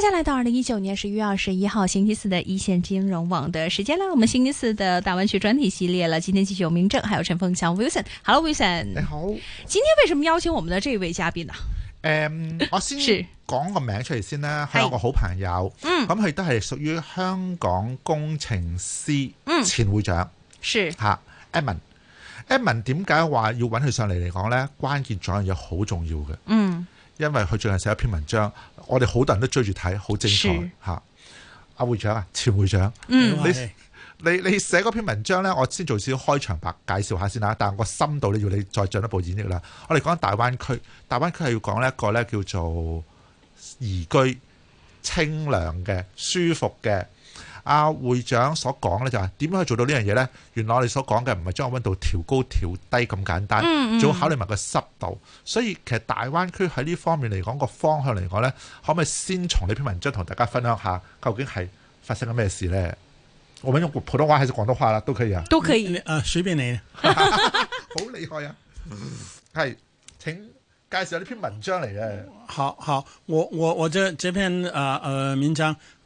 接下來到二零一九年十一月二十一號星期四的一線金融網的時間啦，我們星期四的大灣區專題系列啦，今天繼續有明正，還有陳鳳翔 Wilson。Hello Wilson，你好。今天為什麼邀請我們的這位嘉賓呢？誒、嗯，我先講個名出嚟先啦，係是有個好朋友，哎、嗯，咁佢都係屬於香港工程師，前會長，嗯、是吓 Edmund，Edmund 點解話要揾佢上嚟嚟講呢？關鍵咗樣嘢好重要嘅，嗯，因為佢最近寫一篇文章。我哋好多人都追住睇，好精彩嚇！阿是、啊、會長啊，前會長，嗯，你你你寫嗰篇文章咧，我先做少少開場白，介紹下先啦。但係我深度咧要你再進一步演繹啦。我哋講緊大灣區，大灣區係要講呢一個咧叫做宜居、清涼嘅、舒服嘅。阿、啊、會長所講咧就係點樣去做到呢樣嘢咧？原來你我哋所講嘅唔係將個溫度調高調低咁簡單，仲、嗯嗯、要考慮埋個濕度。所以其實大灣區喺呢方面嚟講個方向嚟講咧，可唔可以先從呢篇文章同大家分享下究竟係發生緊咩事咧？我用普通話還是廣東話啦，都可以啊，都可以啊，隨便你。 好厲害啊！係請介紹呢篇文章嚟嘅。好好，我我我即即篇啊呃文、呃、章。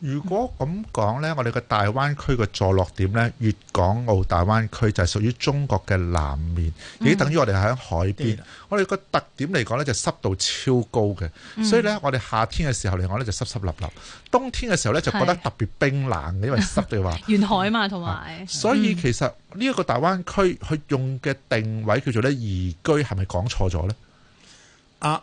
如果咁講呢，我哋嘅大灣區嘅坐落點呢，粵港澳大灣區就係屬於中國嘅南面，亦等於我哋喺海邊。嗯、我哋個特點嚟講呢，就濕度超高嘅，嗯、所以呢，我哋夏天嘅時候嚟講呢，就濕濕立立，冬天嘅時候呢，就覺得特別冰冷嘅，是因為濕嘅話。沿 海嘛，同埋、嗯。和所以其實呢一個大灣區，佢用嘅定位叫做呢宜居，係咪講錯咗呢？啊！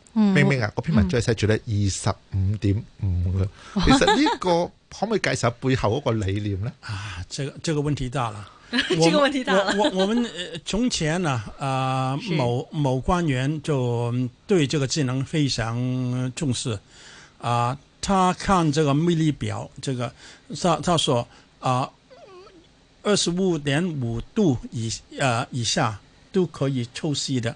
明明啊，嗰、嗯、篇文寫住咧，二十五點五。其實呢個可唔可以解釋背後嗰個理念咧？啊，這個這個問題大啦。這個問題大啦。 我我我們從前啊啊，呃、是某某官員就對這個智能非常重視。啊、呃，他看這個魅力表，這個他他說啊，二十五點五度以誒、呃、以下都可以抽濕的。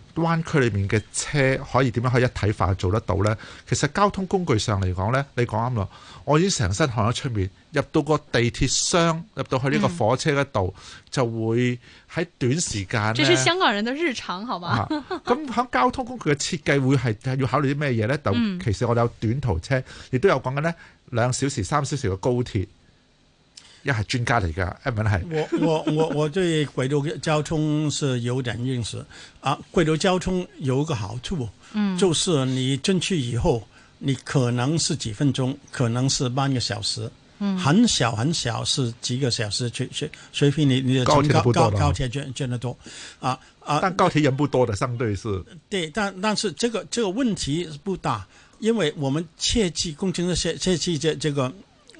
灣區裏面嘅車可以點樣可以一體化做得到呢？其實交通工具上嚟講呢，你講啱啦。我已經成身汗喺出面，入到個地鐵箱，入到去呢個火車嗰度，嗯、就會喺短時間呢。這是香港人嘅日常，好嘛？咁 喺、啊、交通工具嘅設計會係要考慮啲咩嘢呢？其實我哋有短途車，亦、嗯、都有講緊呢兩小時、三小時嘅高鐵。一係專家嚟噶，一唔係。我我我我對軌道交通是有點認識。啊！軌道交通有一個好處，嗯，就是你進去以後，你可能是幾分鐘，可能是半個小時，嗯，很小很小，是幾個小時。隨隨隨，隨隨便你你。高鐵不多的。高鐵轉轉得多，啊啊！但高鐵人不多的，相對是。對，但但是這個這個問題不大，因為我們切記工程師的切切記這這個、這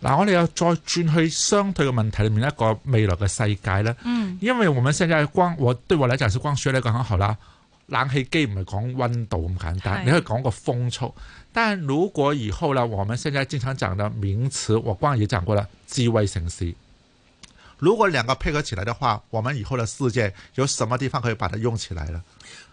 嗱，我哋又再轉去相對嘅問題裏面一個未來嘅世界咧，嗯，因為我們現在光，我對我嚟講，就是光學呢個很好啦，冷氣機唔係講溫度咁簡單，你可以講個風速，但如果以後咧，我們現在經常講的名詞我剛才也講過了，智慧城市，如果兩個配合起來的話，我們以後的世界有什麼地方可以把它用起來呢？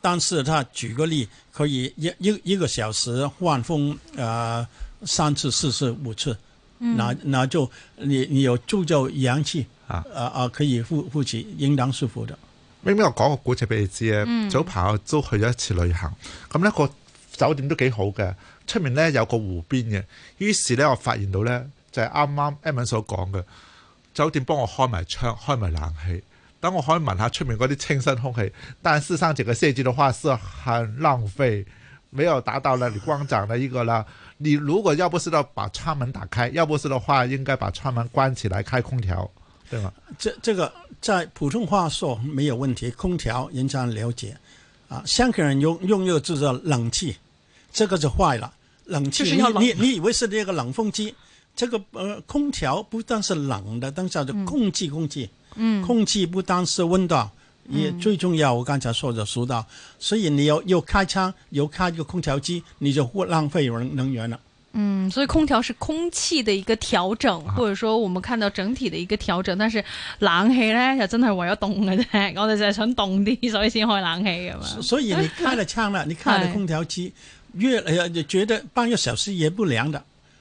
但是他舉個例，可以一一一個小時換風、呃，三次、四次、五次，嗯、那那就你你有助就陽氣，啊啊啊可以舒舒起，應當舒服的。明明我講個古籍俾你知嘅，嗯、早排我都去咗一次旅行，咁、那、呢個酒店都幾好嘅，出面咧有個湖邊嘅，於是咧我發現到咧就係啱啱阿 n 所講嘅，酒店幫我開埋窗，開埋冷氣。咁我可以聞下出面嗰啲清新空氣。但事實上這個設計的話是很浪費，沒有達到了你光講的一個啦。你如果要不是到把窗門打開，要不是的話應該把窗門關起來開空調，對嗎？這這個在普通話說沒有問題，空調人家了解，啊，香港人用用嘅叫做冷氣，這個就壞了。冷氣，是要冷你你，你以為是那個冷風機？這個呃空調不但是冷的，等下就空氣，嗯、空氣。嗯，空氣不單是溫度，嗯、也最重要。我剛才說的說到，嗯、所以你要有又開窗又開一個空調機，你就會浪費能能源了。嗯，所以空調是空氣的一個調整，或者說我們看到整體的一個調整。啊、但是冷氣咧，又真係我要凍嘅啫，我哋就係想凍啲，所以先開冷氣咁。所以你開了窗啦， 你開了空調機，越嚟就覺得半個小時也不涼的。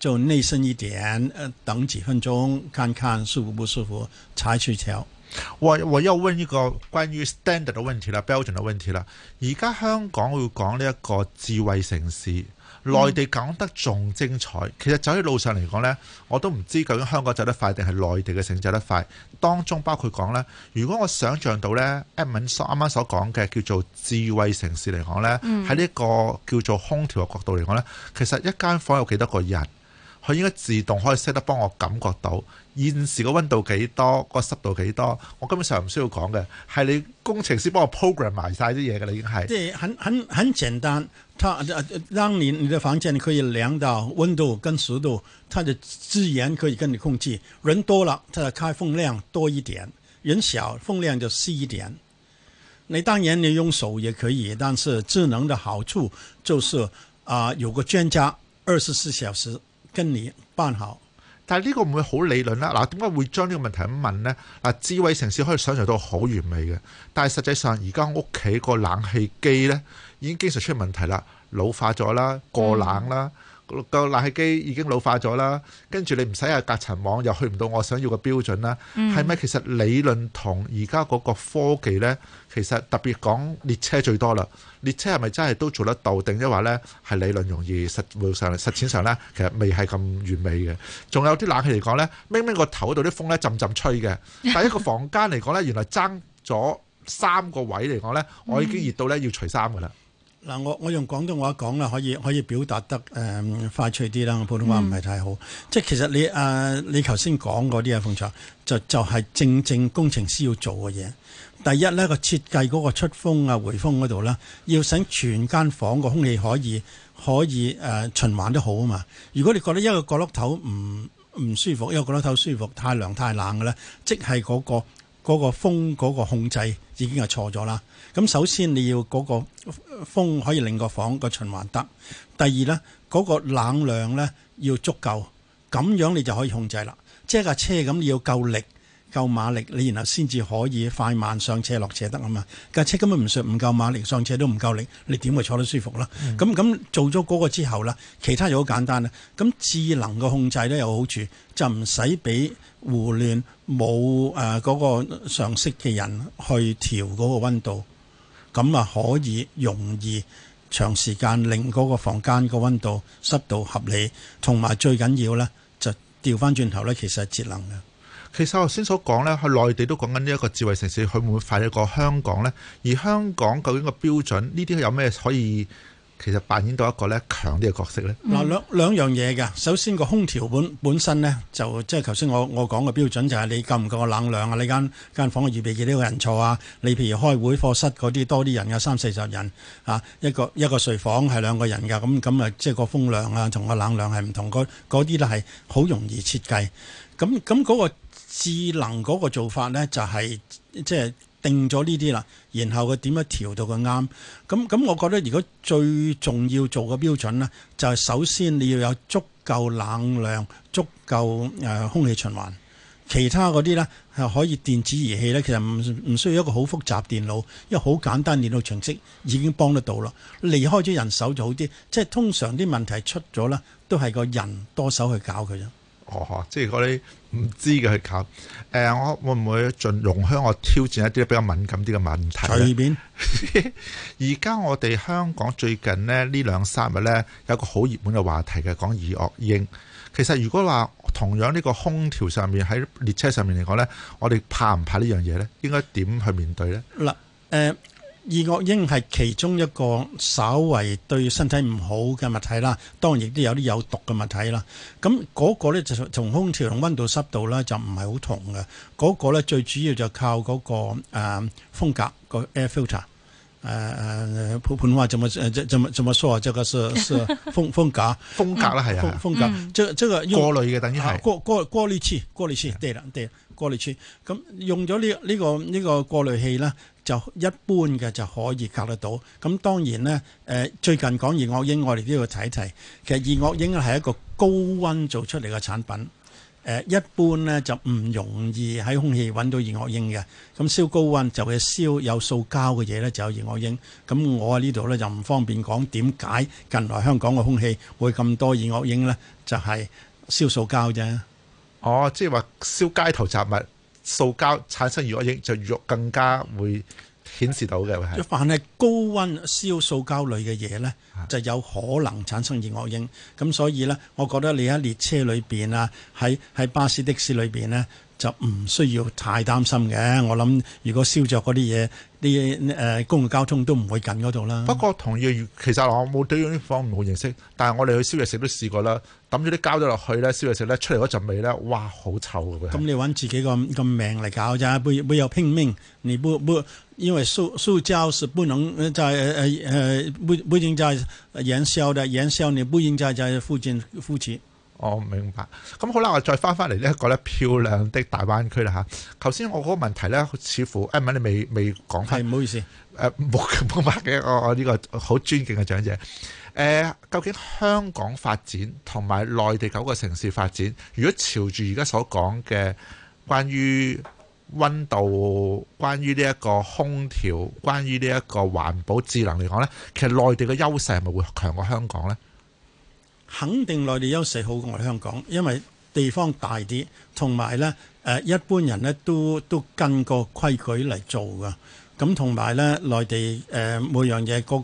就內心一點，呃、等幾分鐘，看看舒服不舒服，再去調。我我要問一個關於 standard 嘅問題啦，標準嘅問題啦。而家香港會講呢一個智慧城市，內地講得仲精彩。嗯、其實走喺路上嚟講呢，我都唔知究竟香港走得快定係內地嘅城市走得快。當中包括講呢，如果我想像到咧，阿文所啱啱所講嘅叫做智慧城市嚟講呢，喺呢、嗯、個叫做空調嘅角度嚟講呢，其實一間房有幾多個人？佢應該自動可以 set 得幫我感覺到現時個温度幾多，個濕度幾多。我根本上唔需要講嘅，係你工程師幫我 program 埋晒啲嘢嘅啦。已經係。對，很很很簡單。它當你你嘅房間你可以量到温度跟濕度，它的資源可以跟你控制。人多了，它的開風量多一點；人少，風量就細一點。你當然你用手也可以，但是智能的好處就是啊、呃，有個專家二十四小時。跟你班考，辦好，但係呢個唔會好理論啦。嗱，點解會將呢個問題咁問呢？嗱，智慧城市可以想像到好完美嘅，但係實際上而家屋企個冷氣機呢已經經常出問題啦，老化咗啦，過冷啦。嗯個冷氣機已經老化咗啦，跟住你唔使啊隔塵網又去唔到我想要嘅標準啦。係咪其實理論同而家嗰個科技呢，其實特別講列車最多啦。列車係咪真係都做得到，定即係話呢係理論容易實務上、實踐上呢，其實未係咁完美嘅。仲有啲冷氣嚟講呢，明明個頭嗰度啲風呢陣陣吹嘅，但係一個房間嚟講呢，原來爭咗三個位嚟講呢，我已經熱到呢要除衫㗎啦。嗱，我我用廣東話講啦，可以可以表達得誒快脆啲啦。普通話唔係太好，即係其實你誒你頭先講嗰啲嘢，馮卓就就係正正工程師要做嘅嘢。第一咧，個設計嗰個出風啊、回風嗰度咧，要使全間房個空氣可以可以誒循環得好啊嘛。如果你覺得一個角落頭唔唔舒服，一個角落頭舒服，太涼太冷嘅咧，即係嗰個。嗰個風嗰個控制已經係錯咗啦。咁首先你要嗰個風可以令個房個循環得。第二呢，嗰個冷量呢要足夠，咁樣你就可以控制啦。即係架車咁你要夠力。夠馬力，你然後先至可以快慢上車落車得啊嘛！架車根本唔算唔夠馬力，上車都唔夠力，你點會坐得舒服啦？咁咁、嗯、做咗嗰個之後呢，其他又好簡單啊！咁智能嘅控制都有好處，就唔使俾胡亂冇嗰、呃嗰個常識嘅人去調嗰個溫度，咁啊可以容易長時間令嗰個房間個溫度濕度合理，同埋最緊要呢，就調翻轉頭呢，其實係節能嘅。其實頭先所講咧，喺內地都講緊呢一個智慧城市，佢會唔會快過香港咧？而香港究竟個標準呢啲有咩可以，其實扮演到一個咧強啲嘅角色咧？嗱，兩兩樣嘢嘅。首先個空調本本身咧，就即係頭先我我講嘅標準，就係你夠唔夠冷量啊？你間間房預備幾多個人坐啊？你譬如開會課室嗰啲多啲人嘅，三四十人啊，一個一個睡房係兩個人嘅，咁咁啊，即係個風量啊同個冷量係唔同，嗰嗰啲咧係好容易設計。咁咁嗰個智能嗰個做法呢，就係即係定咗呢啲啦，然後佢點樣調到佢啱？咁咁，我覺得如果最重要做嘅標準呢，就係首先你要有足夠冷量、足夠、呃、空氣循環，其他嗰啲呢，係可以電子儀器呢，其實唔唔需要一個好複雜電腦，因為好簡單電腦程式已經幫得到啦。離開咗人手就好啲，即係通常啲問題出咗呢，都係個人多手去搞佢啫。哦、即係嗰啲唔知嘅去搞。誒、呃，我會唔會盡容許我挑戰一啲比較敏感啲嘅問題？隨便。而家 我哋香港最近呢呢兩三日呢，有一個好熱門嘅話題嘅，講二惡英。其實如果話同樣呢個空調上面喺列車上面嚟講呢，我哋怕唔怕呢樣嘢呢？應該點去面對呢？嗱，誒、呃。二惡英係其中一個稍為對身體唔好嘅物體啦，當然亦都有啲有毒嘅物體啦。咁、那、嗰個咧就從空調同温度濕度啦，就唔係好同嘅。嗰個咧最主要就靠嗰個誒風格個 air filter。誒誒，普通話怎麼誒？怎怎怎麼説啊？這個是是風風格。風格啦，係啊，風格。這即個過濾嘅，等於係、啊、過過過濾器，過濾器，對啦，對，過濾器。咁用咗呢呢個呢、這個過濾器啦。就一般嘅就可以隔得到。咁當然呢，誒最近講二惡英，我哋都要睇一睇。其實二惡英係一個高溫做出嚟嘅產品。誒一般呢，就唔容易喺空氣揾到二惡英嘅。咁燒高溫就係燒有塑膠嘅嘢呢，就有二惡英。咁我喺呢度呢，就唔方便講點解近來香港嘅空氣會咁多二惡英呢，就係燒塑膠啫。哦，即係話燒街頭雜物。塑膠產生熱惡影就越更加會顯示到嘅，係。凡係高溫燒塑膠類嘅嘢咧，就有可能產生熱惡影。咁所以咧，我覺得你喺列車裏邊啊，喺喺巴士的士裏邊呢。就唔需要太擔心嘅，我諗如果燒著嗰啲嘢，啲誒公共交通都唔會近嗰度啦。不過，同意其實我冇對呢方面好認識，但係我哋去燒嘢食都試過啦，抌咗啲膠咗落去咧，燒嘢食咧出嚟嗰陣味咧，哇，好臭嘅。咁你揾自己個個命嚟搞咋？不不要拼命，你不不，因為塑塑膠是不能在誒誒誒不不應在燃燒的，燃燒你不應在在附近附近。我唔、哦、明白，咁好啦，我再返返嚟呢一個咧漂亮的大灣區啦嚇。頭先我嗰個問題咧，似乎阿文、哎、你未未講係，唔好意思，誒冇冇問嘅，我我呢、呢個好尊敬嘅長者。誒、呃，究竟香港發展同埋內地九個城市發展，如果朝住而家所講嘅關於溫度、關於呢一個空調、關於呢一個環保智能嚟講咧，其實內地嘅優勢係咪會強過香港咧？肯定內地優勢好過我哋香港，因為地方大啲，同埋呢誒一般人呢都都跟個規矩嚟做噶。咁同埋呢內地誒每樣嘢嗰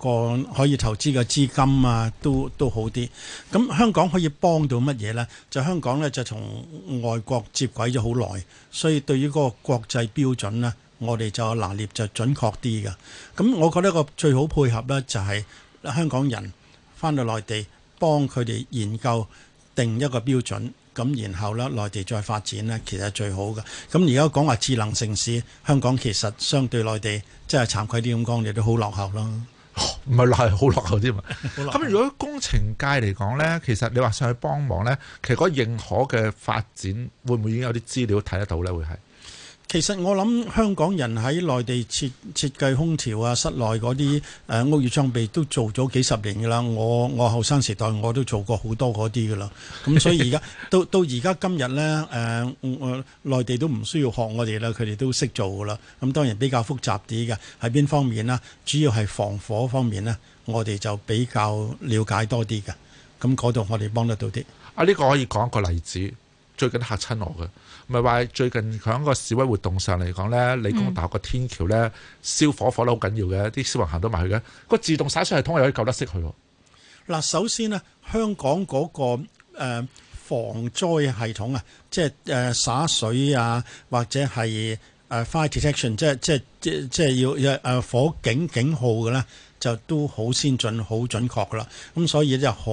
個可以投資嘅資金啊，都都好啲。咁香港可以幫到乜嘢呢？就香港呢，就同外國接軌咗好耐，所以對於嗰個國際標準呢，我哋就拿捏就準確啲嘅。咁我覺得個最好配合呢，就係香港人翻到內地。幫佢哋研究定一個標準，咁然後咧內地再發展呢，其實最好嘅。咁而家講話智能城市，香港其實相對內地真係慚愧啲咁講，亦都好落後咯。唔係落係好落後啲嘛。咁 如果工程界嚟講呢，其實你話上去幫忙呢，其實嗰認可嘅發展會唔會已經有啲資料睇得到呢？會係？其實我諗香港人喺內地設設計空調啊、室內嗰啲誒屋宇裝備都做咗幾十年噶啦。我我後生時代我都做過好多嗰啲噶啦。咁所以而家 到到而家今日呢，誒、呃，內地都唔需要學我哋啦，佢哋都識做噶啦。咁當然比較複雜啲嘅，喺邊方面啦？主要係防火方面呢，我哋就比較了解多啲嘅。咁嗰度我哋幫得到啲。啊，呢、這個可以講一個例子，最近吓親我嘅。唔係話最近佢喺個示威活動上嚟講咧，理工大學個天橋咧燒火、嗯、火啦，好緊要嘅，啲消防行到埋去嘅。個自動灑水系統可以救得熄佢喎。嗱，首先呢，香港嗰個防災系統啊，即係誒灑水啊，或者係誒 fire detection，即係即係即係要誒火警警號嘅咧，就都好先進、好準確噶啦。咁所以就好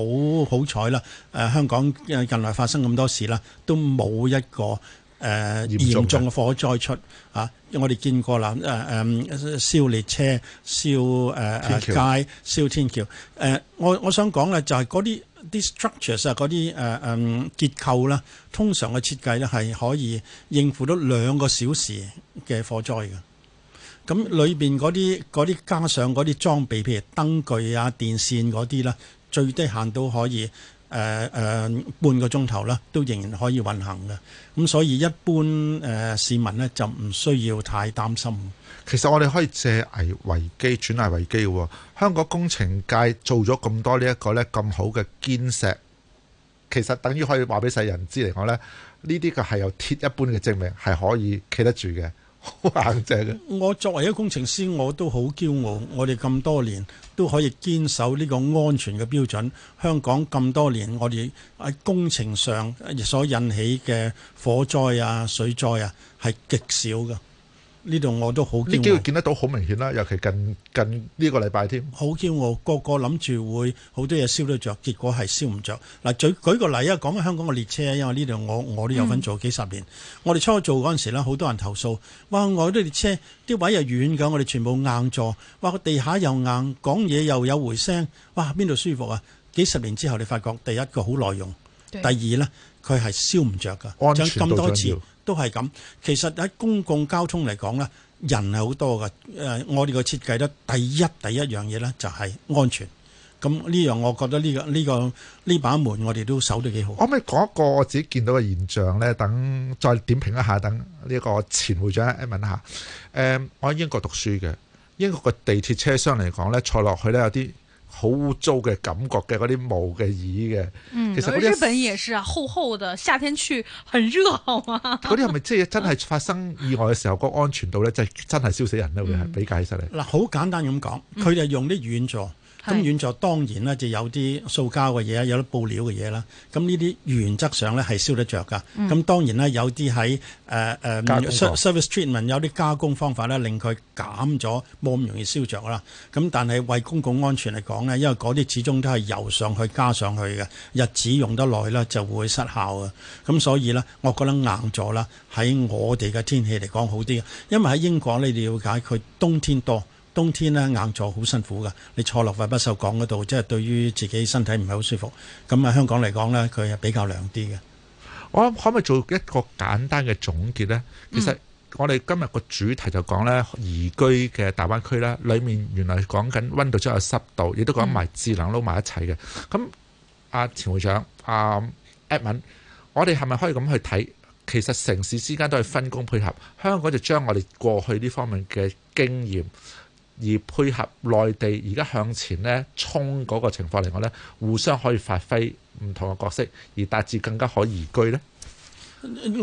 好彩啦。誒香港近來發生咁多事啦，都冇一個，誒嚴重嘅火災出啊！我哋見過啦，誒誒燒列車、燒誒誒街、燒天橋。誒，我我想講咧，就係嗰啲啲 structures 啊，嗰啲誒誒結構啦，通常嘅設計咧係可以應付到兩個小時嘅火災嘅。咁裏邊嗰啲嗰啲加上嗰啲裝備，譬如燈具啊、電線嗰啲啦，最低限都可以。誒誒、呃呃、半個鐘頭啦，都仍然可以運行嘅。咁、嗯、所以一般、呃、市民咧就唔需要太擔心。其實我哋可以借危為機，轉危為機嘅喎。香港工程界做咗咁多呢一個咁好嘅堅石，其實等於可以話俾世人知。嚟講呢啲，佢係有鐵一般嘅證明，係可以企得住嘅。好硬正，我作為一個工程師，我都好驕傲。我哋咁多年都可以堅守呢個安全嘅標準。香港咁多年，我哋喺工程上所引起嘅火災啊、水災啊，係極少㗎。呢度我都好驚見得到好明顯啦，尤其近近呢個禮拜添。好驚喎，個個諗住會好多嘢燒得着，結果係燒唔着。嗱，舉舉個例啊，講緊香港嘅列車，因為呢度我我都有份做幾十年。嗯、我哋初做嗰陣時咧，好多人投訴，哇！我啲列車啲位又遠嘅，我哋全部硬座，哇！個地下又硬，講嘢又有回聲，哇！邊度舒服啊？幾十年之後你發覺，第一個好耐用，第二呢。對佢係燒唔着㗎，安上咁多次都係咁。其實喺公共交通嚟講咧，人係好多嘅。誒，我哋個設計咧，第一第一樣嘢咧就係安全。咁呢樣我覺得呢、呢個呢、呢個呢、呢個、把門，我哋都守得幾好。可唔可以講一個我自己見到嘅現象咧，等再點評一下，等呢個前會長問一下。誒、嗯，我喺英國讀書嘅，英國個地鐵車廂嚟講咧，坐落去咧有啲。好污糟嘅感覺嘅嗰啲毛嘅椅嘅，嗯、其實日本也是啊，厚厚的夏天去很熱，啊，好嘛？嗰啲係咪即係真係發生意外嘅時候個 安全度咧，就真係燒死人咧，會係、嗯、比較犀利。嗱、嗯，好簡單咁講，佢就、嗯、用啲軟座。咁軟、嗯、座當然咧就有啲塑膠嘅嘢，有啲布料嘅嘢啦。咁呢啲原則上咧係燒得着㗎。咁、嗯、當然啦，有啲喺誒誒 service treatment 有啲加工方法咧令佢減咗冇咁容易燒着啦。咁但係為公共安全嚟講咧，因為嗰啲始終都係油上去加上去嘅，日子用得耐咧就會失效嘅。咁所以咧，我覺得硬座啦喺我哋嘅天氣嚟講好啲，因為喺英國你了解佢冬天多。冬天咧硬坐好辛苦噶，你坐落去不鏽鋼嗰度，即係對於自己身體唔係好舒服。咁啊，香港嚟講呢佢係比較涼啲嘅。我可唔可以做一個簡單嘅總結呢？嗯、其實我哋今日個主題就講呢：宜居嘅大灣區啦，裡面原來講緊溫度、將有濕度，亦都講埋智能撈埋一齊嘅。咁阿前會長、阿、啊、Edwin，我哋係咪可以咁去睇？其實城市之間都係分工配合，香港就將我哋過去呢方面嘅經驗。而配合內地而家向前呢衝嗰個情況嚟講呢，互相可以發揮唔同嘅角色，而達至更加可宜居呢。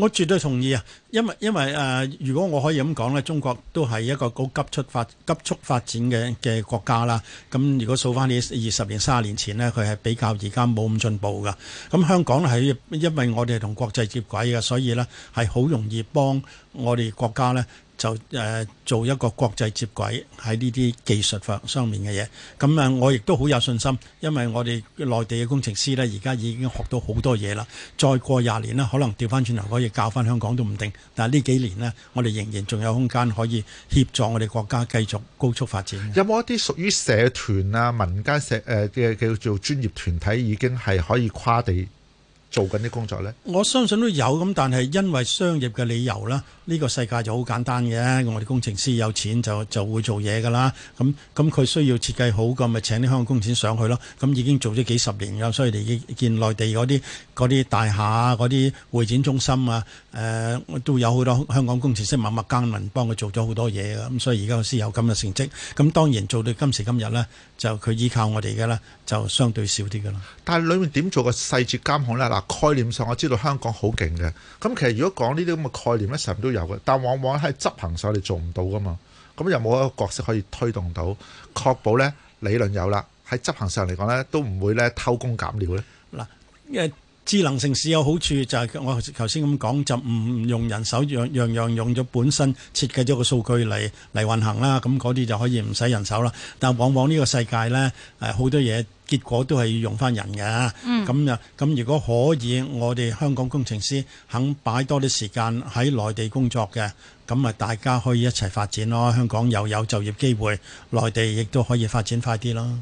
我絕對同意啊！因為因為誒、呃，如果我可以咁講呢，中國都係一個好急速發、急速發展嘅嘅國家啦。咁如果數翻你二十年、卅年前呢，佢係比較而家冇咁進步噶。咁香港咧，係因為我哋同國際接軌嘅，所以呢係好容易幫我哋國家呢。就、呃、做一個國際接軌喺呢啲技術方面上面嘅嘢，咁啊，我亦都好有信心，因為我哋內地嘅工程師呢，而家已經學到好多嘢啦。再過廿年呢，可能調翻轉頭可以教翻香港都唔定。但係呢幾年呢，我哋仍然仲有空間可以協助我哋國家繼續高速發展。有冇一啲屬於社團啊、民間社誒嘅、呃、叫做專業團體，已經係可以跨地做緊啲工作呢？我相信都有咁，但係因為商業嘅理由啦。呢個世界就好簡單嘅，我哋工程師有錢就就會做嘢噶啦。咁咁佢需要設計好個，咪請啲香港工程師上去咯。咁、嗯嗯、已經做咗幾十年嘅，所以你見內地嗰啲啲大廈嗰啲會展中心啊，誒、呃、都有好多香港工程師默默耕耘，幫佢做咗好多嘢嘅。咁、嗯、所以而家先有咁嘅成績。咁、嗯、當然做到今時今日呢，就佢依靠我哋嘅啦，就相對少啲嘅啦。但係裡面點做個細節監控呢？嗱，概念上我知道香港好勁嘅。咁其實如果講呢啲咁嘅概念呢，成都有。但往往喺執行上你做唔到噶嘛，咁有冇一個角色可以推動到確保咧，理論有啦，喺執行上嚟講咧都唔會咧偷工減料咧。嗱，因為智能城市有好處就係我頭先咁講，就唔用人手，樣樣用咗本身設計咗個數據嚟嚟運行啦，咁嗰啲就可以唔使人手啦。但往往呢個世界咧，誒好多嘢。結果都係要用翻人嘅，咁又咁如果可以，我哋香港工程師肯擺多啲時間喺內地工作嘅，咁咪大家可以一齊發展咯。香港又有就業機會，內地亦都可以發展快啲咯。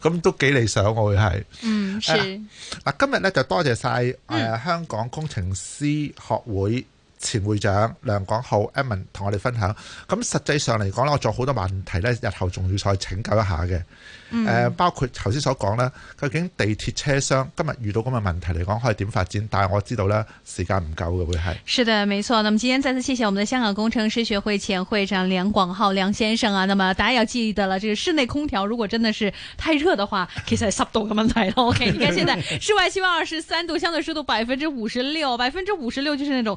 咁都幾理想，我會係嗯，嗱今日咧就多謝晒誒香港工程師學會。前會長梁廣灝 Edmond 同我哋分享，咁實際上嚟講呢我仲有好多問題呢日後仲要再請教一下嘅。誒、嗯，包括頭先所講呢究竟地鐵車廂今日遇到咁嘅問題嚟講，可以點發展？但係我知道呢時間唔夠嘅會係。是的，沒錯。那麼今天再次謝謝我們的香港工程師學會前會長梁廣灝梁先生啊。那麼大家要記得了，這個室內空調如果真的是太熱的話，其實係濕度嘅問題咯。OK，你看 現在室外氣溫二十三度，相對濕度百分之五十六，百分之五十六就是那種